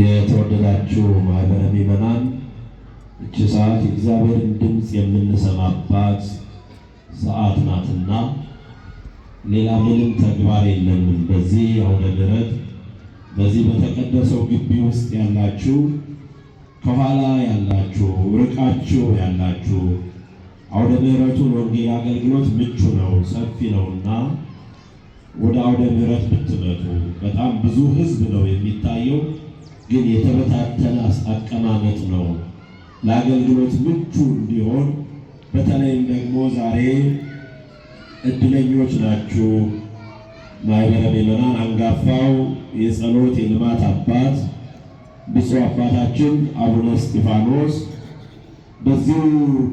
የተወደዳችሁ ማህበረ ምዕመናን እች ሰዓት የእግዚአብሔርን ድምፅ የምንሰማባት ሰዓት ናትና ሌላ ምንም ተግባር የለንም። በዚህ አውደ ምሕረት በዚህ በተቀደሰው ግቢ ውስጥ ያላችሁ፣ ከኋላ ያላችሁ፣ ርቃችሁ ያላችሁ አውደ ምሕረቱን ለወንጌል አገልግሎት ምቹ ነው፣ ሰፊ ነውና ወደ አውደ ምሕረት ብትመጡ በጣም ብዙ ህዝብ ነው የሚታየው። ግን የተበታተነ አቀማመጥ ነው። ለአገልግሎት ምቹ እንዲሆን በተለይም ደግሞ ዛሬ እድለኞች ናችሁ። ማይበረ ምዕመናን አንጋፋው የጸሎት የልማት አባት ብፁዕ አባታችን አቡነ እስጢፋኖስ በዚሁ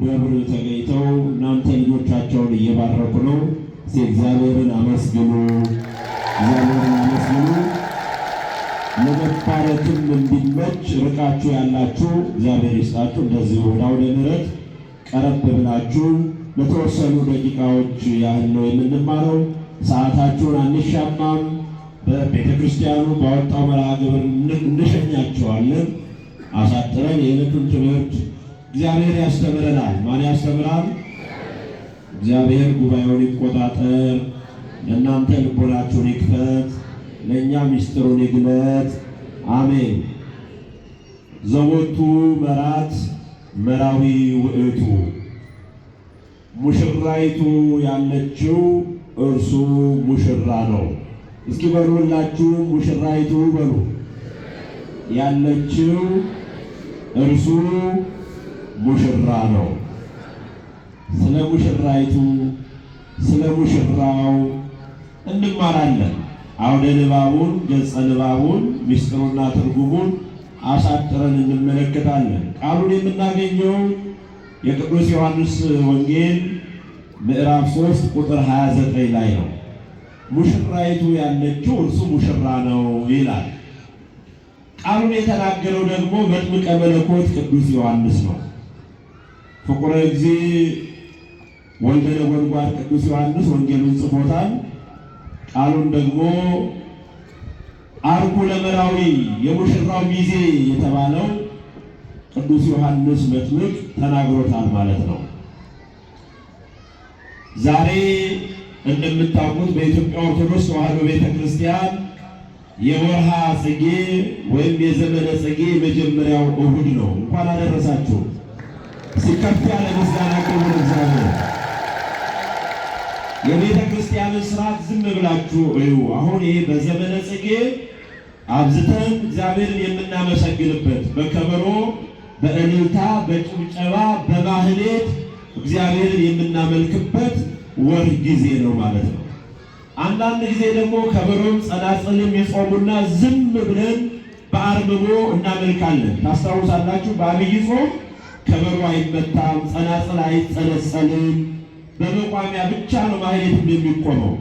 ደብር ተገኝተው እናንተ ልጆቻቸውን እየባረኩ ነው። እስኪ እግዚአብሔርን አመስግኑ፣ እግዚአብሔርን አመስግኑ። ለመታረትም እንዲመች ርቃችሁ ያላችሁ እግዚአብሔር ይስጣችሁ። እንደዚህ ወደ አውደ ምሕረት ቀረብ ብላችሁ ለተወሰኑ ደቂቃዎች ያህል ነው የምንማረው። ሰዓታችሁን አንሻማም። በቤተ ክርስቲያኑ ባወጣው መርሃ ግብር እንሸኛችኋለን። አሳጥረን የዕለቱን ትምህርት እግዚአብሔር ያስተምረናል። ማን ያስተምራል? እግዚአብሔር ጉባኤውን ይቆጣጠር። ለእናንተ ልቦናችሁን ይክፈት። ለእኛ ሚስጥሩን ይግለጥ። አሜን። ዘወቱ መራት መራዊ ውእቱ ሙሽራይቱ ያለችው እርሱ ሙሽራ ነው። እስኪ በሉላችሁ ሙሽራይቱ በሉ ያለችው እርሱ ሙሽራ ነው። ስለ ሙሽራይቱ ስለ ሙሽራው እንማራለን። አውደ ንባቡን ገጸ ንባቡን ምስጢሩና ትርጉሙን አሳጥረን እንመለከታለን። ቃሉን የምናገኘው የቅዱስ ዮሐንስ ወንጌል ምዕራፍ 3 ቁጥር 29 ላይ ነው። ሙሽራይቱ ያለችው እርሱ ሙሽራ ነው ይላል። ቃሉን የተናገረው ደግሞ መጥምቀ መለኮት ቅዱስ ዮሐንስ ነው። ፍቁረ እግዚእ ወልደ ነጎድጓድ ቅዱስ ዮሐንስ ወንጌሉን ጽፎታል። ቃሉን ደግሞ አርቁ ለመራዊ የሙሽራው ሚዜ የተባለው ቅዱስ ዮሐንስ መጥምቅ ተናግሮታል ማለት ነው። ዛሬ እንደምታውቁት በኢትዮጵያ ኦርቶዶክስ ተዋሕዶ ቤተክርስቲያን የወርሃ ጽጌ ወይም የዘመነ ጽጌ የመጀመሪያው እሁድ ነው። እንኳን አደረሳችሁ። ሲከፍት ያለ ምስጋና ክብር እግዚአብሔር የቤተ ክርስቲያን ስርዓት ዝም ብላችሁ እዩ። አሁን ይሄ በዘመነ ጽጌ አብዝተን እግዚአብሔርን የምናመሰግንበት በከበሮ በእልልታ በጭብጨባ በማህሌት እግዚአብሔርን የምናመልክበት ወር ጊዜ ነው ማለት ነው። አንዳንድ ጊዜ ደግሞ ከበሮም ጸናጽልም የጾሙና ዝም ብለን በአርምሞ እናመልካለን። ታስታውሳላችሁ፣ በአብይ ጾም ከበሮ አይመታም፣ ጸናጽል አይጸነጸልም በመቋሚያ ብቻ ነው ማህሌትም የሚቆመው።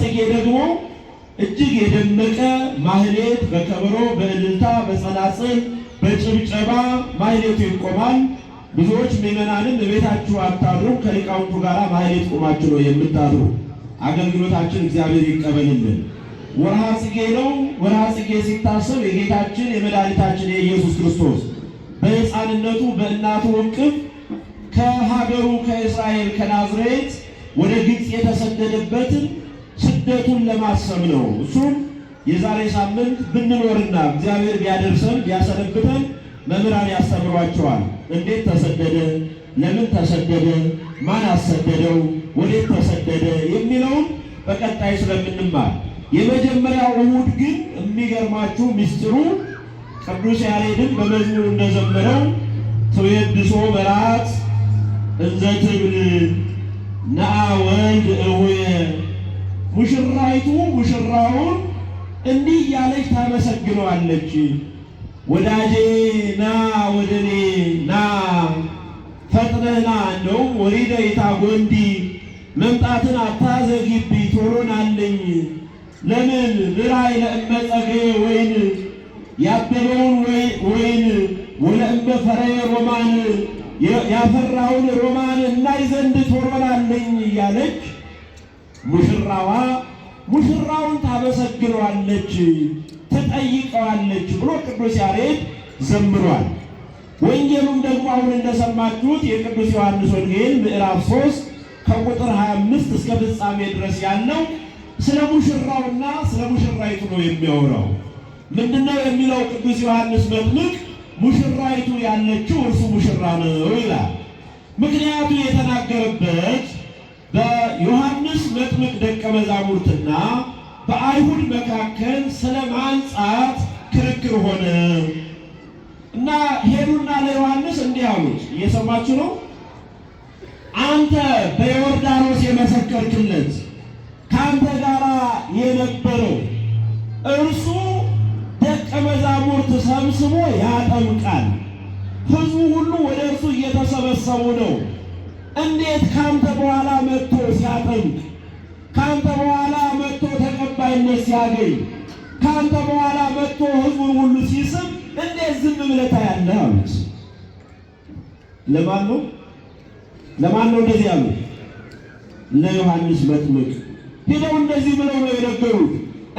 ጽጌ ደግሞ እጅግ የደመቀ ማህሌት በከበሮ፣ በእልልታ፣ በጸናጽል፣ በጭብጨባ ማህሌቱ ይቆማል። ብዙዎች ምዕመናንም በቤታችሁ አታድሩ፣ ከሊቃውንቱ ጋር ማህሌት ቁማችሁ ነው የምታድሩ። አገልግሎታችን እግዚአብሔር ይቀበልልን። ወርሃ ጽጌ ነው። ወርሃ ጽጌ ሲታሰብ የጌታችን የመድኃኒታችን የኢየሱስ ክርስቶስ በሕፃንነቱ በእናቱ እቅፍ ከሀገሩ ከእስራኤል ከናዝሬት ወደ ግብፅ የተሰደደበትን ስደቱን ለማሰብ ነው። እሱም የዛሬ ሳምንት ብንኖርና እግዚአብሔር ቢያደርሰን ቢያሰነብተን መምህራን ያስተምሯቸዋል። እንዴት ተሰደደ፣ ለምን ተሰደደ፣ ማን አሰደደው፣ ወዴት ተሰደደ የሚለውን በቀጣይ ስለምንማር የመጀመሪያው ውድ ግን የሚገርማችሁ ምስጢሩ ቅዱስ ያሬድን በመዝሙር እንደዘመረው ትዌድሶ መራት? እንዘ ትብል ነአ ወልድ እውየ ሙሽራይቱ ሙሽራውን እንዲህ እያለች ታመሰግነዋለች። ወዳጄ ና ወደኔ ና ፈጥነህ ና፣ እንደው ወሪደ መምጣትን አታዘግቢ፣ ቶሎናለኝ። ለምን ምራይ ለእመጸገ ወይን ያበበውን ወይን ወለእመ ፈረየ ሮማን ያፈራውን ሮማን እናይ ዘንድ ትወርበላለኝ እያለች ሙሽራዋ ሙሽራውን ታመሰግነዋለች፣ ትጠይቀዋለች ብሎ ቅዱስ ያሬድ ዘምሯል። ወንጌሉም ደግሞ አሁን እንደሰማችሁት የቅዱስ ዮሐንስ ወንጌል ምዕራፍ 3 ከቁጥር 25 እስከ ፍጻሜ ድረስ ያለው ስለ ሙሽራውና ስለ ሙሽራይቱ ነው የሚያወራው። ምንድነው የሚለው ቅዱስ ዮሐንስ መጥምቅ ሙሽራይቱ ያለችው እርሱ ሙሽራ ነው ይላል። ምክንያቱ የተናገረበት በዮሐንስ መጥምቅ ደቀ መዛሙርትና በአይሁድ መካከል ስለ ማንጻት ክርክር ሆነ እና ሄዱና ለዮሐንስ እንዲህ አሉት፣ እየሰማችሁ ነው። አንተ በዮርዳኖስ የመሰከርክለት ከአንተ ጋር የነበረው እርሱ ሰብስቦ ያጠምቃል። ሕዝቡ ሁሉ ወደ እርሱ እየተሰበሰቡ ነው። እንዴት ካንተ በኋላ መጥቶ ሲያጠምቅ፣ ካንተ በኋላ መጥቶ ተቀባይነት ሲያገኝ፣ ካንተ በኋላ መጥቶ ሕዝቡን ሁሉ ሲስብ እንዴት ዝም ብለህ ያለ አሉት። ለማን ነው ለማን ነው እንደዚህ ያሉት? ለዮሐንስ መጥምቅ ሄደው እንደዚህ ብለው ነው የነገሩት።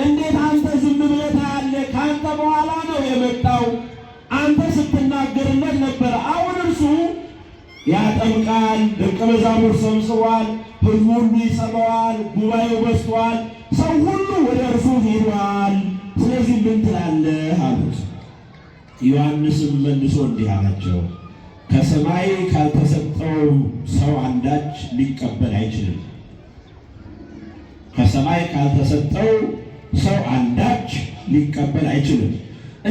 እንዴት አንተ ዝም ብለህ ታያለህ? ካንተ በኋላ ያጠምቃል፣ ደቀ መዛሙር ሰብስቧል፣ ህዝቡ ሁሉ ይሰማዋል፣ ጉባኤው በዝቷል፣ ሰው ሁሉ ወደ እርሱ ሄዷል። ስለዚህ ምን ትላለህ አሉት። ዮሐንስም መልሶ እንዲህ አላቸው፣ ከሰማይ ካልተሰጠው ሰው አንዳች ሊቀበል አይችልም። ከሰማይ ካልተሰጠው ሰው አንዳች ሊቀበል አይችልም።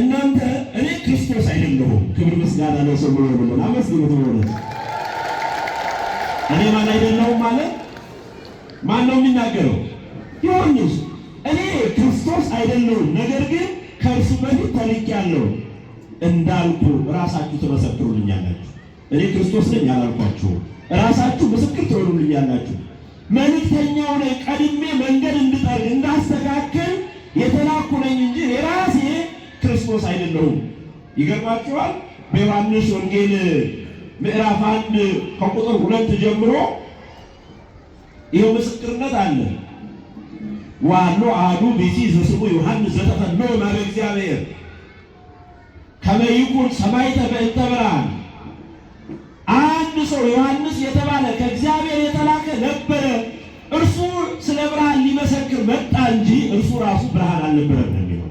እናንተ እኔ ክርስቶስ አይደለሁም። ክብር ምስጋና ለሰው ብሎ ብለን አመስግኑት ሆነ እኔ ማን አይደለሁም ማለት ማን ነው የሚናገረው? ዮሐንስ እኔ ክርስቶስ አይደለሁም፣ ነገር ግን ከእርሱ በፊት ተልኬያለሁ እንዳልኩ ራሳችሁ ትመሰክሩልኛላችሁ። እኔ ክርስቶስ ነኝ ያላልኳችሁ ራሳችሁ ምስክር ትሆኑልኛላችሁ። መልእክተኛው ነኝ፣ ቀድሜ መንገድ እንድጠርግ እንዳስተካከል የተላኩ ነኝ እንጂ የራሴ ክርስቶስ አይደለሁም። ይገርማችኋል በዮሐንስ ወንጌል ምዕራፍ አንድ ከቁጥር ሁለት ጀምሮ ይህ ምስክርነት አለ። ዋሎ አዱ ብእሲ ዘስሙ ዮሐንስ ዘተፈነወ እምኀበ እግዚአብሔር ከመ ይኩን በእንተ ብርሃን። አንድ ሰው ዮሐንስ የተባለ ከእግዚአብሔር የተላከ ነበረ። እርሱ ስለ ብርሃን ሊመሰክር መጣ እንጂ እርሱ ራሱ ብርሃን አልነበረም። የሚለው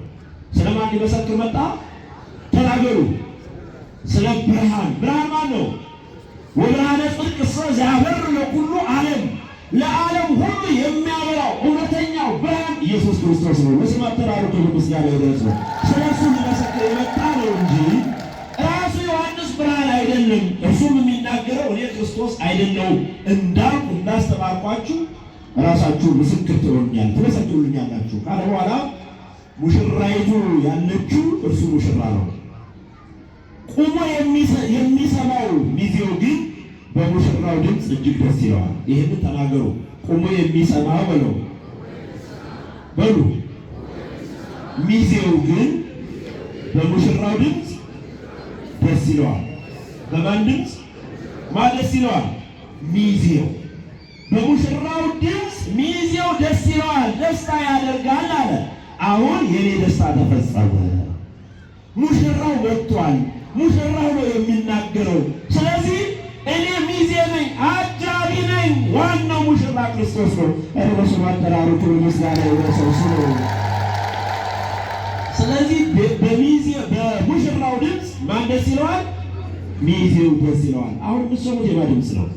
ስለማን ሊመሰክር መጣ? ተናገሩ ስለ ብርሃን ብርሃን ማን ነው? ወብርሃነ ጽድቅ እስመ ለኩሉ ዓለም ለዓለም ሁሉ የሚያበራው እውነተኛው ብርሃን ኢየሱስ ክርስቶስ ነው። ለስም አጠራሩ ክብር ምስጋና ይድረስ ስለ እሱ የመጣ ነው እንጂ ራሱ ዮሐንስ ብርሃን አይደለም። እርሱም የሚናገረው እኔ ክርስቶስ አይደለሁም እንዳልኩ እንዳስተማርኳችሁ ራሳችሁ ምስክር ትመሰክሩልኛላችሁ ካለ በኋላ ሙሽራይቱ ያለችው ቁሞ የሚሰማው ሚዜው ግን በሙሽራው ድምፅ እጅግ ደስ ይለዋል። ይህንን ተናገሩ። ቁሞ የሚሰማው በለው በሉ። ሚዜው ግን በሙሽራው ድምፅ ደስ ይለዋል። በማን ድምፅ ማን ደስ ይለዋል? ሚዜው በሙሽራው ድምፅ ሚዜው ደስ ይለዋል፣ ደስታ ያደርጋል አለ። አሁን የኔ ደስታ ተፈጸመ። ሙሽራው መጥቷል። ሙሽራ ነው የሚናገረው። ስለዚህ እኔ ሚዜ ነኝ፣ አጃቢ ነኝ። ዋናው ሙሽራ ክርስቶስ ነው። ረበሱ አጠራሩ ቱርሚስ ስለ ስለዚህ በሚዜ በሙሽራው ድምፅ ማን ደስ ይለዋል? ሚዜው ደስ ይለዋል። አሁን ድምፅ ነው?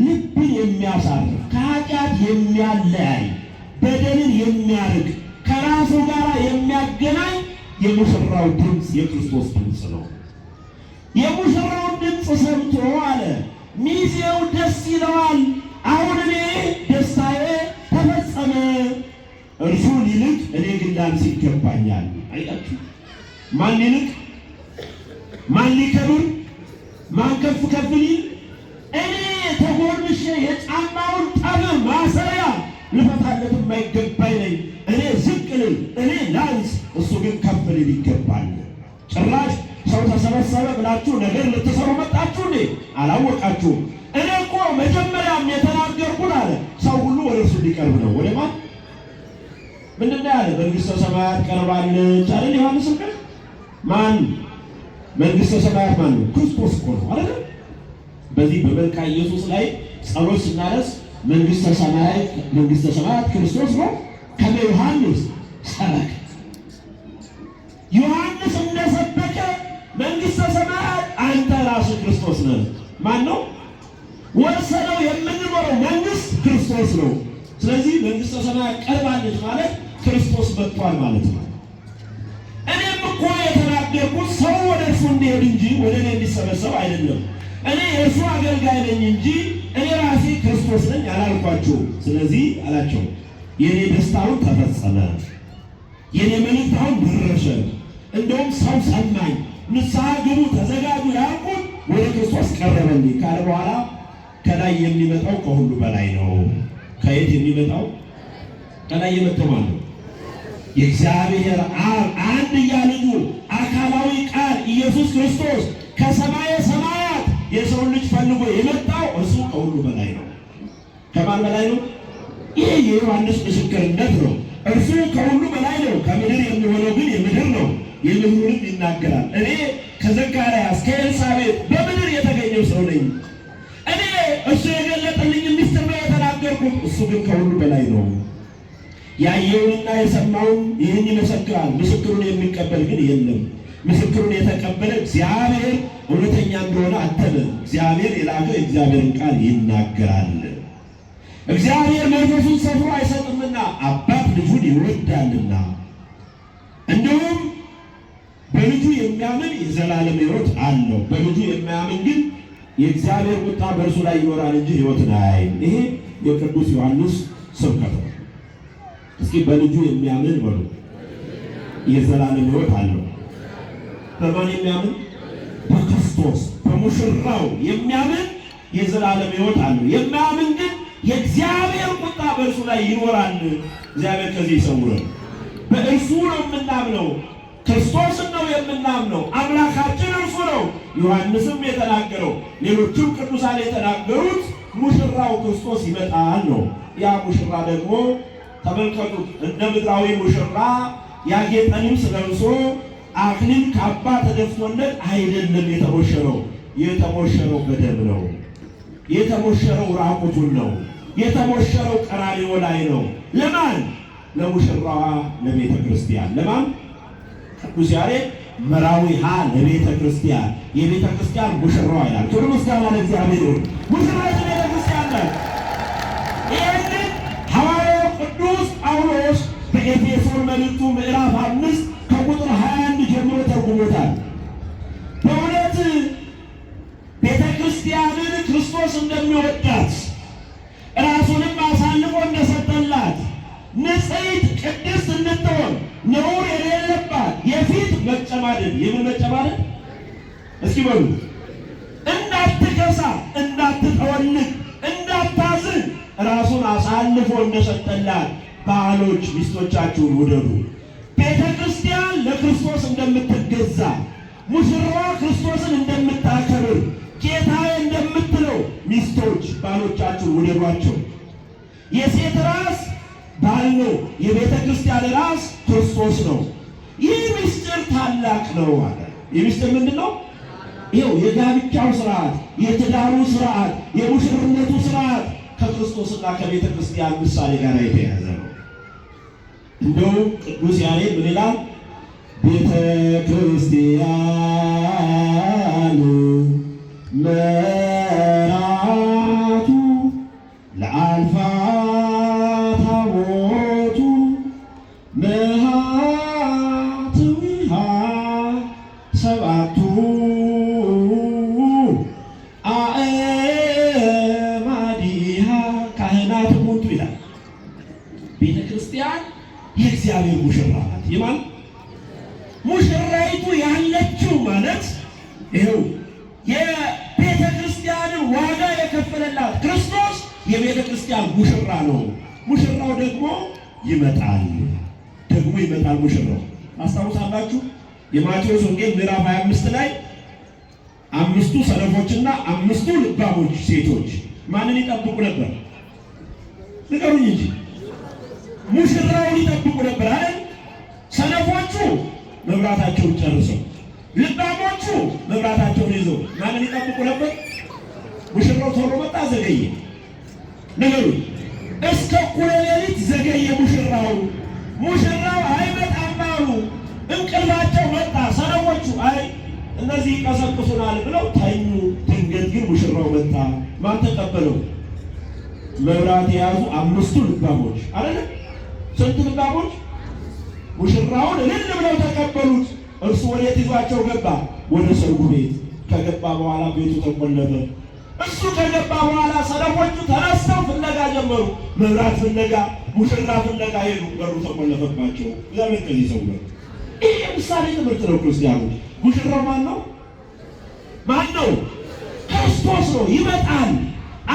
ልብን የሚያሳርፍ ከኃጢአት የሚያለያይ በደልን የሚያርቅ ከራሱ ጋር የሚያገናኝ የሙሽራው ድምፅ የክርስቶስ ድምፅ ነው። የሙሽራውን ድምፅ ሰምቶ አለ ሚዜው ደስ ይለዋል። አሁን እኔ ደስታዬ ተፈጸመ፣ እርሱ ሊልቅ እኔ ግን ላንስ ይገባኛል። አይታችሁ ማን ሊልቅ ማን ሊከብር ማን ከፍ ከፍ ሊል እኔ ተጎንሼ የጫማውን ጠብ ማሰሪያ ልፈታለት የማይገባኝ ነኝ። እኔ ዝቅ ልል፣ እኔ ላንስ እሱ ግን ከፍ ሊል ይገባል። ጭራሽ ሰው ተሰበሰበ ብላችሁ ነገር ልትሰሩ መጣችሁ እንዴ? አላወቃችሁም። እኔ እኮ መጀመሪያም የተናገርኩን አለ ሰው ሁሉ ወደ እርሱ ሊቀርብ ነው። ወደ ማን ምንድን ያለ መንግሥተ ሰማያት ቀርባለች አይደል? ዮሐንስ ወንጌል ማን መንግሥተ ሰማያት ማን ነው? ክርስቶስ እኮ ነው አይደል? በዚህ በመልካ ኢየሱስ ላይ ጸሎት ስናደርስ መንግሥተ ሰማያት መንግሥተ ሰማያት ክርስቶስ ነው ከመ ዮሐንስ ሰበከ ዮሐንስ እንደሰበከ መንግሥተ ሰማያት አንተ ራሱ ክርስቶስ ነህ። ማን ነው ወሰነው? የምንኖረው መንግስት ክርስቶስ ነው። ስለዚህ መንግሥተ ሰማያት ቀርባለች ማለት ክርስቶስ መጥቷል ማለት ነው። እኔም እኮ የተናገርኩት ሰው ወደ እርሱ እንዲሄድ እንጂ ወደ እኔ እንዲሰበሰብ አይደለም። እኔ የእርሱ አገልጋይ ነኝ እንጂ እኔ ራሴ ክርስቶስ ነኝ አላልኳቸው። ስለዚህ አላቸው የእኔ ደስታውን ተፈጸመ፣ የእኔ መልእክት አሁን ደረሰ። እንደውም ሰው ሰማኝ፣ ንስሐ ግቡ፣ ተዘጋጁ፣ ያቁን ወደ ክርስቶስ ቀረበልኝ ካለ በኋላ ከላይ የሚመጣው ከሁሉ በላይ ነው። ከየት የሚመጣው? ከላይ የመጣው ማለት የእግዚአብሔር አብ አንድያ ልጁ አካላዊ ቃል ኢየሱስ ክርስቶስ ከሰማየ ሰማያት የሰውን ልጅ ፈልጎ የመጣው እሱ ከሁሉ በላይ ነው። ከማን በላይ ነው? ይህ የዮሐንስ ምስክርነት ነው። እርሱ ከሁሉ በላይ ነው። ከምድር የሚሆነው ግን የምድር ነው የይሁንም ይናገራል። እኔ ከዘካርያስ ከኤልሳቤጥ በምድር የተገኘው ሰው ነኝ። እኔ እሱ የገለጠልኝ ምስጢር ነው የተናገርኩት። እሱ ግን ከሁሉ በላይ ነው። ያየውንና የሰማውን ይህን ይመሰክራል፣ ምስክሩን የሚቀበል ግን የለም። ምስክሩን የተቀበለ እግዚአብሔር እውነተኛ እንደሆነ አተመ። እግዚአብሔር የላከው የእግዚአብሔርን ቃል ይናገራል። እግዚአብሔር መንፈሱን ሰፍሮ አይሰጥምና አባት ልጁን ይወዳልና እንዲሁም በልጁ የሚያምን የዘላለም ሕይወት አለው። በልጁ የሚያምን ግን የእግዚአብሔር ቁጣ በእርሱ ላይ ይኖራል እንጂ ሕይወትን ላይ ይሄ የቅዱስ ዮሐንስ ስብከት ነው። እስኪ በልጁ የሚያምን በሉ የዘላለም ሕይወት አለው። በማን የሚያምን? በክርስቶስ በሙሽራው የሚያምን የዘላለም ሕይወት አለው። የሚያምን ግን የእግዚአብሔር ቁጣ በእርሱ ላይ ይኖራል። እግዚአብሔር ከዚህ ይሰውረን። በእርሱ ነው የምናምነው ክርስቶስ ነው የምናምነው፣ አምላካችን እርሱ ነው። ዮሐንስም የተናገረው ሌሎቹም ቅዱሳን የተናገሩት ሙሽራው ክርስቶስ ይመጣል ነው። ያ ሙሽራ ደግሞ ተመልከቱ፣ እንደ ምድራዊ ሙሽራ ያጌጠ ልብስ ለብሶ አክሊል ካባ ተደፍቶለት አይደለም የተሞሸረው። የተሞሸረው በደም ነው። የተሞሸረው ራቁቱን ነው። የተሞሸረው ቀራንዮ ላይ ነው። ለማን? ለሙሽራዋ ለቤተ ክርስቲያን። ለማን? ቅዱስ ያሬድ መራዊሃ ለቤተ ክርስቲያን የቤተ ክርስቲያን ይላል። ምስጋና ለእግዚአብሔር ይሁን። ቤተ ክርስቲያን ሐዋርያው ቅዱስ ጳውሎስ በኤፌሶን መልእክቱ ምዕራፍ አምስት ከቁጥር 21 ጀምሮ ተርጉሞታል። በእውነት ቤተ ክርስቲያንን ክርስቶስ እንደሚወዳት መጨማደድ የምን መጨማደድ እስኪ በሉ እንዳትከሳ፣ እንዳትጠወልግ፣ እንዳታዝን ራሱን አሳልፎ እንደሰጠላት ባሎች ሚስቶቻችሁን ውደዱ። ቤተ ክርስቲያን ለክርስቶስ እንደምትገዛ ሙሽራዋ ክርስቶስን እንደምታከብር ጌታዬ እንደምትለው ሚስቶች ባሎቻችሁን ውደዷቸው። የሴት ራስ ባል ነው። የቤተ ክርስቲያን ራስ ክርስቶስ ነው። ይህ ምስጢር ታላቅ ነው አለ። ይህ ምስጢር ምንድን ነው? ይኸው የጋብቻው ስርዓት፣ የትዳሩ ስርዓት፣ የሙሽርነቱ ስርዓት ከክርስቶስና ከቤተ ክርስቲያን ምሳሌ ጋር የተያዘ ነው። እንደውም ቅዱስ ያሬድ ምን ይላል? ቤተ ክርስቲያን ቤተ ክርስቲያን የእግዚአብሔር ሙሽራ ናት። ይማል ሙሽራይቱ ያለችው ማለት ይኸው የቤተ ክርስቲያንን ዋጋ የከፈለላት ክርስቶስ የቤተ ክርስቲያን ሙሽራ ነው። ሙሽራው ደግሞ ይመጣል፣ ደግሞ ይመጣል። ሙሽራው አስታውሳላችሁ የማቴዎስ ወንጌል ምዕራፍ 25 ላይ አምስቱ ሰነፎችና አምስቱ ልባሞች ሴቶች ማንን ይጠብቁ ነበር? ንገሩኝ እንጂ ሙሽራውን ይጠብቁ ነበር አይደል? ሰነፎቹ መብራታቸውን ጨርሰው፣ ልባሞቹ መብራታቸውን ይዘው ማንን ይጠብቁ ነበር? ሙሽራው ቶሎ መጣ፣ ዘገየ። ነገሩ እስከ እኩለ ሌሊት ዘገየ ሙሽራው። ሙሽራው አይመጣም አሉ። እንቅልፋቸው መጣ። ሰነፎቹ አይ እነዚህ ይቀሰቅሱናል ብለው ተኙ። ድንገት ግን ሙሽራው መጣ። ማን ተቀበለው? መብራት የያዙ አምስቱ ልባሞች አይደለም ስንቱ ምንጣፎች ሙሽራውን እልል ብለው ተቀበሉት። እርሱ ወዴት ይዟቸው ገባ? ወደ ሰርጉ ቤት። ከገባ በኋላ ቤቱ ተቆለፈ። እሱ ከገባ በኋላ ሰለሞቹ ተነስተው ፍለጋ ጀመሩ። መብራት ፍለጋ፣ ሙሽራ ፍለጋ ሄዱ። በሩ ተቆለፈባቸው። እግዚአብሔር ከዚህ ሰው ነው። ይህ ምሳሌ ትምህርት ነው። ክርስቲያኖች ሙሽራው ማን ነው? ማን ነው? ክርስቶስ ነው። ይመጣል።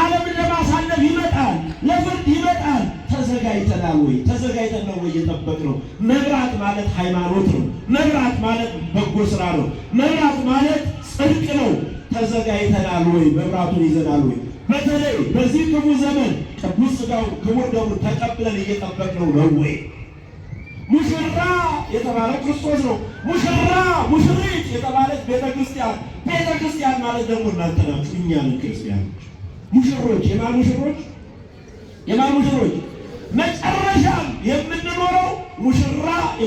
ዓለምን ለማሳለፍ ይመጣል። ለፍርድ ይመጣል። ተዘጋጅተናል ወይ? ተዘጋጅተን ነው ወይ የጠበቅነው? መብራት ማለት ሃይማኖት ነው። መብራት ማለት በጎ ስራ ነው። መብራት ማለት ጽድቅ ነው። ተዘጋጅተናል ወይ? መብራቱን ይዘናል ወይ? በተለይ በዚህ ክፉ ዘመን ቅዱስ ሥጋውን ክቡር ደሙን ተቀብለን እየጠበቅነው ነው ወይ? ሙሽራ የተባለ ክርስቶስ ነው። ሙሽራ ሙሽሪት የተባለች ቤተክርስቲያን። ቤተክርስቲያን ማለት ደግሞ እናንተ ናችሁ፣ እኛ ነን ክርስቲያኖች። ሙሽሮች የማን ሙሽሮች የማን ሙሽሮች መጨረሻ የምንኖረው ሙሽራ